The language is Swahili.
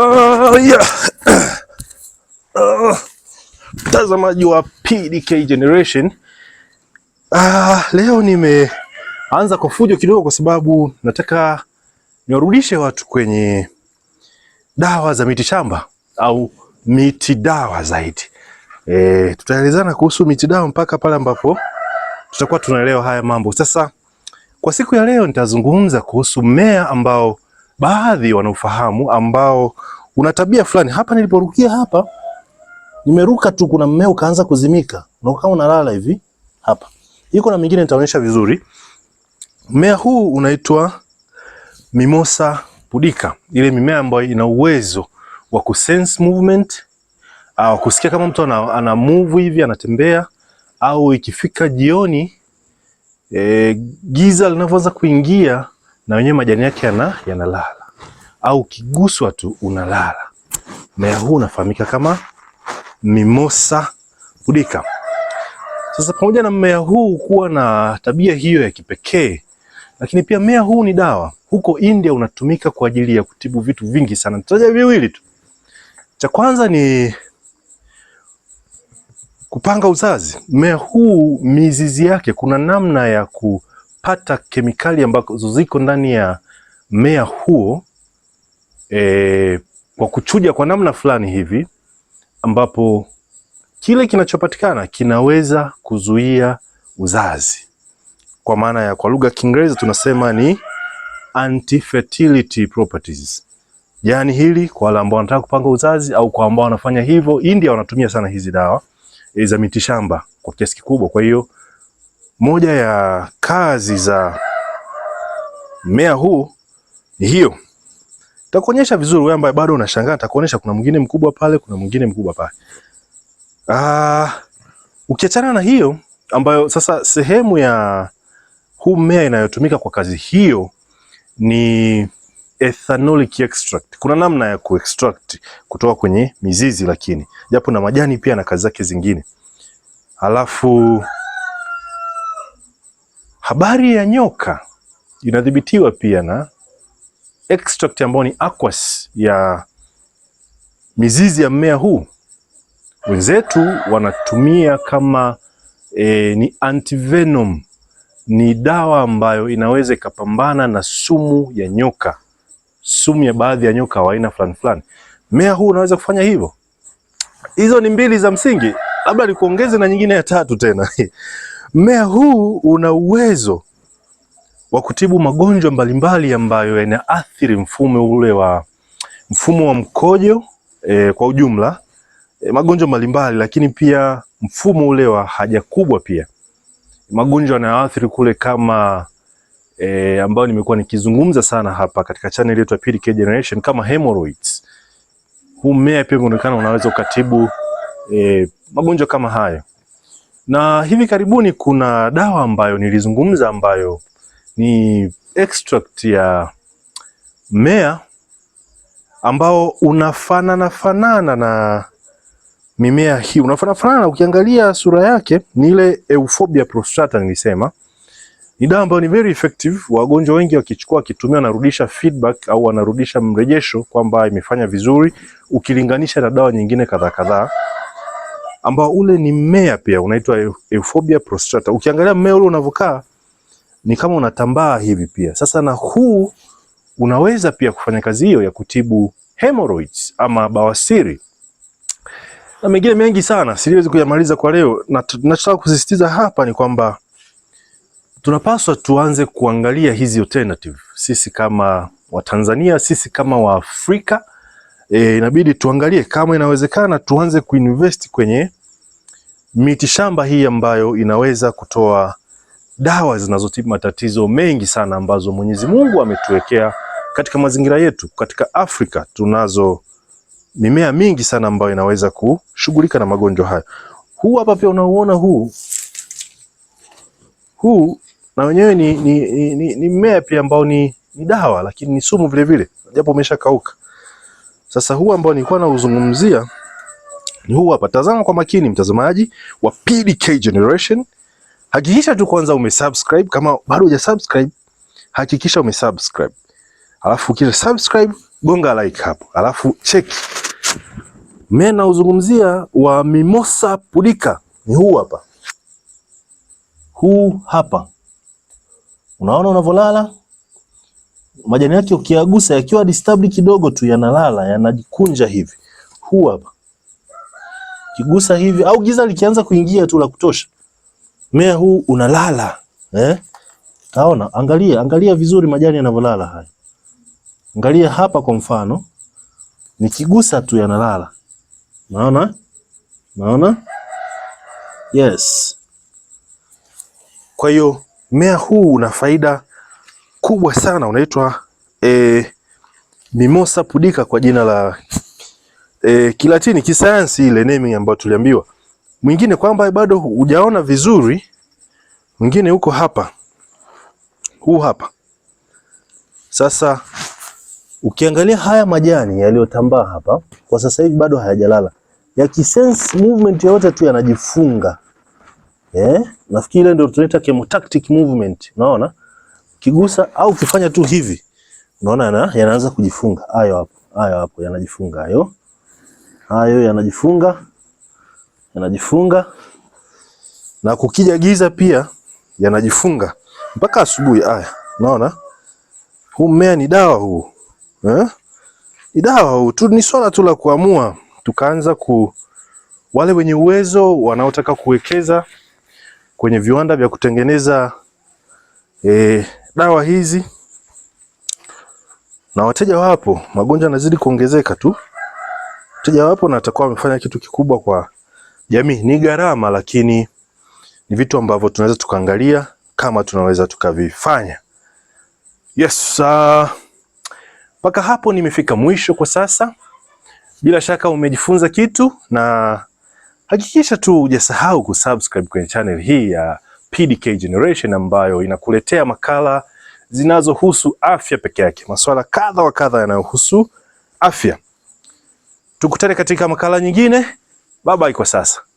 Oh, yeah. Oh, mtazamaji wa PDK Generation. Ah, leo nimeanza kwa fujo kidogo kwa sababu nataka niwarudishe watu kwenye dawa za miti shamba au miti dawa zaidi. E, tutaelezana kuhusu miti dawa mpaka pale ambapo tutakuwa tunaelewa haya mambo. Sasa kwa siku ya leo nitazungumza kuhusu mmea ambao baadhi wanaofahamu ambao una tabia fulani. Hapa niliporukia hapa, nimeruka tu, kuna mmea ukaanza kuzimika, unakaa unalala hivi. Hapa iko na mingine, nitaonyesha vizuri. Mmea huu unaitwa Mimosa pudica, ile mimea ambayo ina uwezo wa kusense movement au kusikia kama mtu ana, ana move hivi anatembea, au ikifika jioni e, giza linavyoanza kuingia na wenyewe majani yake yana yanalala, au kiguswa tu unalala. Mmea huu unafahamika kama Mimosa pudica. Sasa pamoja na mmea huu kuwa na tabia hiyo ya kipekee, lakini pia mmea huu ni dawa. Huko India unatumika kwa ajili ya kutibu vitu vingi sana, nitaja viwili tu. Cha kwanza ni kupanga uzazi. Mmea huu mizizi yake, kuna namna ya ku unapata kemikali ambazo ziko ndani ya mmea huo e, kwa kuchuja kwa namna fulani hivi ambapo kile kinachopatikana kinaweza kuzuia uzazi, kwa maana ya kwa lugha ya Kiingereza tunasema ni anti-fertility properties. Yani hili kwa wale ambao wanataka kupanga uzazi au kwa ambao wanafanya hivyo, India wanatumia sana hizi dawa e, za mitishamba kwa kiasi kikubwa, kwa hiyo moja ya kazi za mmea huu ni hiyo. Takuonyesha vizuri wewe ambaye bado unashangaa, takuonyesha kuna mwingine mkubwa pale, kuna mwingine mkubwa pale. Ah, ukiachana na hiyo ambayo sasa sehemu ya huu mmea inayotumika kwa kazi hiyo ni ethanolic extract. Kuna namna ya kuextract kutoka kwenye mizizi, lakini japo na majani pia na kazi zake zingine. Halafu Habari ya nyoka inadhibitiwa pia na extract ambayo ni aqueous ya mizizi ya mmea huu. Wenzetu wanatumia kama e, ni antivenom, ni dawa ambayo inaweza ikapambana na sumu ya nyoka, sumu ya baadhi ya nyoka wa aina fulani fulani. Mmea huu unaweza kufanya hivyo. Hizo ni mbili za msingi, labda nikuongeze na nyingine ya tatu tena Mmea huu una uwezo wa kutibu magonjwa mbalimbali ambayo yanaathiri mfumo ule wa mfumo wa mkojo e, kwa ujumla e, magonjwa mbalimbali, lakini pia mfumo ule wa haja kubwa, pia magonjwa yanayoathiri kule kama e, ambayo nimekuwa nikizungumza sana hapa katika channel yetu ya PDK Generation kama hemorrhoids. Huu mmea pia unaonekana unaweza ukatibu e, magonjwa kama hayo. Na hivi karibuni kuna dawa ambayo nilizungumza ambayo ni extract ya mmea ambao unafanana fanana na mimea hii, unafanana fanana, ukiangalia sura yake ni ile Euphorbia prostrata. Nilisema ni dawa ambayo ni very effective, wagonjwa wengi wakichukua, wakitumia, wanarudisha feedback au wanarudisha mrejesho kwamba imefanya vizuri, ukilinganisha na dawa nyingine kadhaa kadhaa ambao ule ni mmea pia unaitwa Euphorbia prostrata. Ukiangalia mmea ule unavyokaa ni kama unatambaa hivi pia. Sasa na huu unaweza pia kufanya kazi hiyo ya kutibu hemorrhoids ama bawasiri na mengine mengi sana, siwezi kuyamaliza kwa leo. Na tunachotaka kusisitiza hapa ni kwamba tunapaswa tuanze kuangalia hizi alternative, sisi kama Watanzania, sisi kama Waafrika e, inabidi tuangalie kama inawezekana tuanze kuinvest kwenye miti shamba hii ambayo inaweza kutoa dawa zinazotibu matatizo mengi sana ambazo Mwenyezi Mungu ametuwekea katika mazingira yetu. Katika Afrika tunazo mimea mingi sana ambayo inaweza kushughulika na magonjwa haya. Huu hapa pia unauona huu huu na wenyewe ni, ni, ni, ni, ni mmea pia ambao ni, ni dawa lakini ni sumu vilevile, japo umeshakauka. Sasa huu ambao nilikuwa nauzungumzia ni huu hapa. Tazama kwa makini mtazamaji wa PDK Generation, hakikisha tu kwanza umesubscribe. Kama bado hujasubscribe, hakikisha umesubscribe, alafu kisha subscribe, gonga like hapo, alafu check. mimi nauzungumzia wa Mimosa pudika ni huu hapa, huu hapa. Unaona unavyolala majani yake ukiyagusa yakiwa disturbed kidogo tu yanalala, yanajikunja hivi. Huu hapa kigusa hivi, au giza likianza kuingia tu la kutosha, mmea huu unalala eh? Taona, angalia angalia vizuri majani yanavyolala haya. Angalia hapa kwa mfano, nikigusa tu yanalala. Naona, naona, yes. Kwa hiyo mmea huu una faida mkubwa sana unaitwa e, Mimosa pudica kwa jina la e, Kilatini kisayansi, ile naming ambayo tuliambiwa. Mwingine kwamba bado hujaona vizuri, mwingine huko hapa, huu hapa sasa. Ukiangalia haya majani yaliyotambaa hapa kwa sasa hivi bado hayajalala, ya kisense movement yote tu yanajifunga. Eh, nafikiri ile ndio tunaita chemotactic movement, unaona Ukigusa au ukifanya tu hivi, unaona na yanaanza kujifunga. Hayo hapo, hayo hapo yanajifunga hayo. Hayo yanajifunga. Yanajifunga. Na kukija giza pia yanajifunga mpaka asubuhi. Haya, unaona? Huu mmea ni dawa huu. Eh? Ni dawa huu. Tu ni swala tu la kuamua tukaanza ku wale wenye uwezo wanaotaka kuwekeza kwenye viwanda vya kutengeneza eh, dawa hizi na wateja wapo, magonjwa yanazidi kuongezeka tu. Wateja wapo na atakuwa amefanya kitu kikubwa kwa jamii. Ni gharama, lakini ni vitu ambavyo tunaweza tukaangalia kama tunaweza tukavifanya. Yes, mpaka uh, hapo nimefika mwisho kwa sasa. Bila shaka umejifunza kitu, na hakikisha tu hujasahau kusubscribe kwenye channel hii ya PDK Generation ambayo inakuletea makala zinazohusu afya peke yake, masuala kadha wa kadha yanayohusu afya. Tukutane katika makala nyingine. Bye bye kwa sasa.